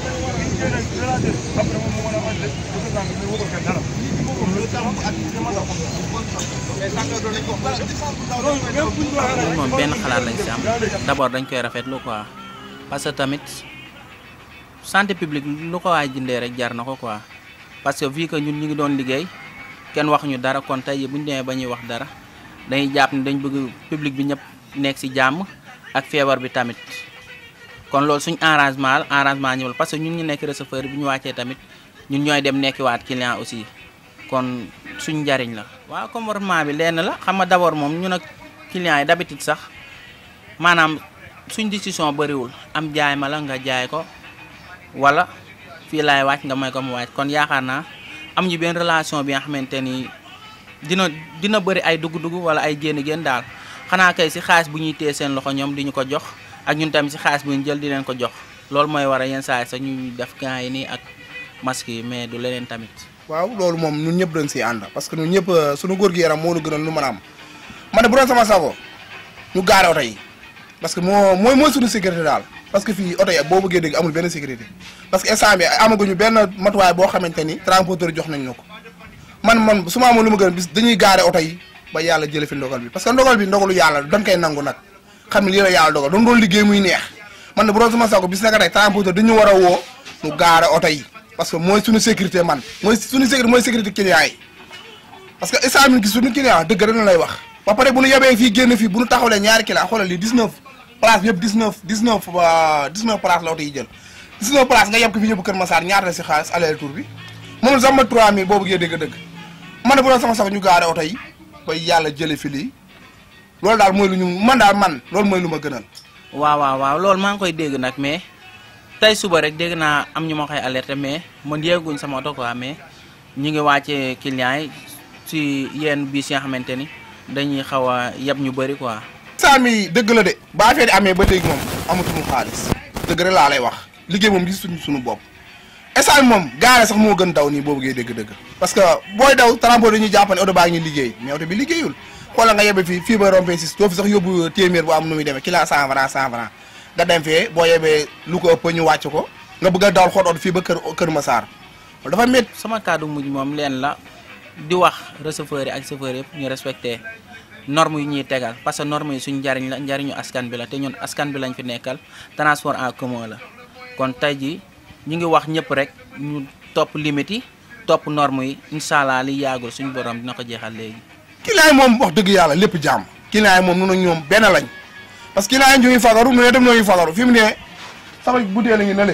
moom benn xalaat lañ si am dañ koy rafetlu quoi parce que tamit santé publique lu ko waay jëndee rek jar na ko quoi parce que vu que ñun ñu ngi doon liggéey kenn wax ñu dara kon tey bu ñu demee ba ñuy wax dara dañuy jàpp ne dañ bëgg public bi ñëpp nekk ci jàmm ak feebar bi tamit. kon lool suñ arrangement la arrangement ñëw la parce que ñun ñu nekk receveur bi ñu wàccee tamit ñun ñooy dem waat client aussi kon suñ njariñ la. waaw comportement bi lenn la xam nga d'abord moom ñun ak client yi d'habitude sax maanaam suñ décision bëriwul am jaay ma la nga jaay ko wala fii laay wàcc nga may ko mu wàcc kon yaakaar naa am ñu benn relation bi nga xamante ni dina dina bëri ay dugg-dugg wala ay génn-génn daal xanaa kay si xaalis bu ñuy téye seen loxo ñoom di ñu ko jox. ak ñun tamit ci xaas bu ñu jël di leen ko jox lool moy wara yeen saay saa sax ñuy def gants yi nii ak masque yi mais du leneen tamit. waaw loolu moom ñun ñëpp dañ siy ànd parce que ñun ñëpp euh, suñu góor gi yaram moo nu gënal lu mën am man bu doon sama sago ñu gaare oto yi parce que moo mooy mooy suñu sécurité daal parce que fii oto yi boo bëggee dégg amul benn sécurité parce que instant bi amaguñu benn matuwaay boo xamante ni transporteur jox nañ ñu ko man man su ma amoon lu ma gën bis dañuy gaare oto yi ba yàlla jëlee fi ndogal bi parce que ndogal bi ndogalu yàlla dañ koy nangu nag xam ne lii la yàlla dogal doon doon liggéey muy neex man na bu doon sama sago bis naka tey transporteur dañu war a woo mu gaare oto yi parce que mooy suñu sécurité man mooy suñu sécurité mooy sécurité client yi parce que instant bi gis suñu client dëgg dañu lay wax ba pare fii génn fii bu ñu taxawlee ñaari client xoolal lii 19 place yëpp 19 19 19 place la la si xaalis aller retour dëgg man na bu sama sago ñu gaare oto yi ba yàlla jële fi loolu daal mooy lu ñu man daal man loolu mooy lu ma gënal. waaw waaw waaw loolu maa ngi koy dégg nag mais tey suba rek dégg naa am ñu ma koy alerté mais man yegguñ sama oto quoi mais ñu ngi wàcce clients yi si yenn bis yi nga xamante ni dañuy xaw a yeb ñu bëri quoi. saam yi dëgg la de. ba affaire yi ba léegi moom amatuñu xaalis. lay wax liggéey moom gis suñu suñu bopp. essan moom gaare sax moo gën daw nii boobu ngay dégg-dëgg parce que booy daw transport dañuy jàpp ne oto baa ngi liggéey mais oto bi liggéeyul xoolal nga yebbe fi fi ba rompee ci doo fi sax yobbu uh, téeméer bu am nu démé ki la 100 francs 100 francs da dem fi bo yebbe lu ko ëpp ñu wacc ko nga bëgg dal dawal fi ba kër kër ma Massar dafa met sama cadeau muñ mom leen la di wax receveur yi ak chauffeur yëpp ñu respecté norme yu ñuy tégal parce que norme yi suñu njariñ la njariñu askan bi la té ñun askan bi lañ fi nekkal transport en commun la kon tay ji ñi ngi wax ñëpp rek ñu top limite yi top norme yi inshallah li yaagul suñu borom dina ko jéxal légui client yi moom wax dëgg yàlla lépp jàmm client yi moom nun ak ñoom benn lañ parce que client yi ñu fagaru nu ne dem fagaru fi mu ne sama butéel a ngi na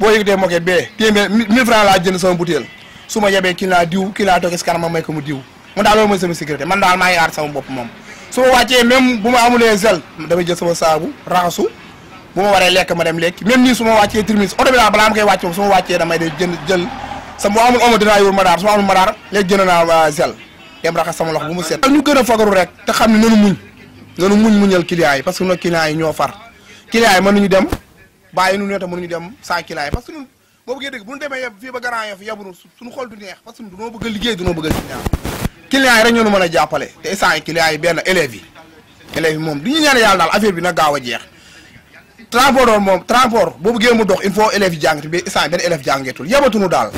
boo yëgtee moket bee téeméer mille su ma yebee client diw client toog si kanam ma may ko mu diw mu daal loolu sama man daal maa ngi aar sama bopp moom su ma wàccee même bu ma amulee gel damay jël sama saabu raxasu bu ma waree lekk ma dem lekk même nii su ma wàccee terminus oto bi laa balaa ma koy wàcc moom su ma wàccee damay de jënd jël sama bu amul omo su ma amul madaar léegi jënd euh, dem raxas sama loxo bu mu set. ñu gën a fagaru rek te xam ne nanu muñ nanu muñ muñal client yi parce que nag client yi ñoo far client yi mënuñu dem bàyyi nu ne te mënuñu dem saa client yi parce que ñun boobu ngeen dégg bu ñu demee yeb fii ba Grand Yoff yebunu suñu xool du neex parce que dunoo bëgg a liggéey dunoo bëgg a client client yi rek ñoo nu mën a jàppale te instant yi client yi benn élèves yi moom du ñu ñaan yàlla daal affaire bi nag gaaw a jeex transport moom transport boobu géen mu dox il faut élèves yi jàng te bi instant jàngeetul yebatunu daal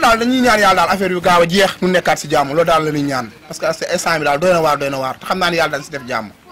loolu daal dañuy ñaan yàlla daal affaire yu gaaw a jeex mu nekkaat si jàmm loolu daal la ñuy ñaan parce que instant bi daal doy na waar doy na waar te xam naa ne yàlla dañ si def jàmm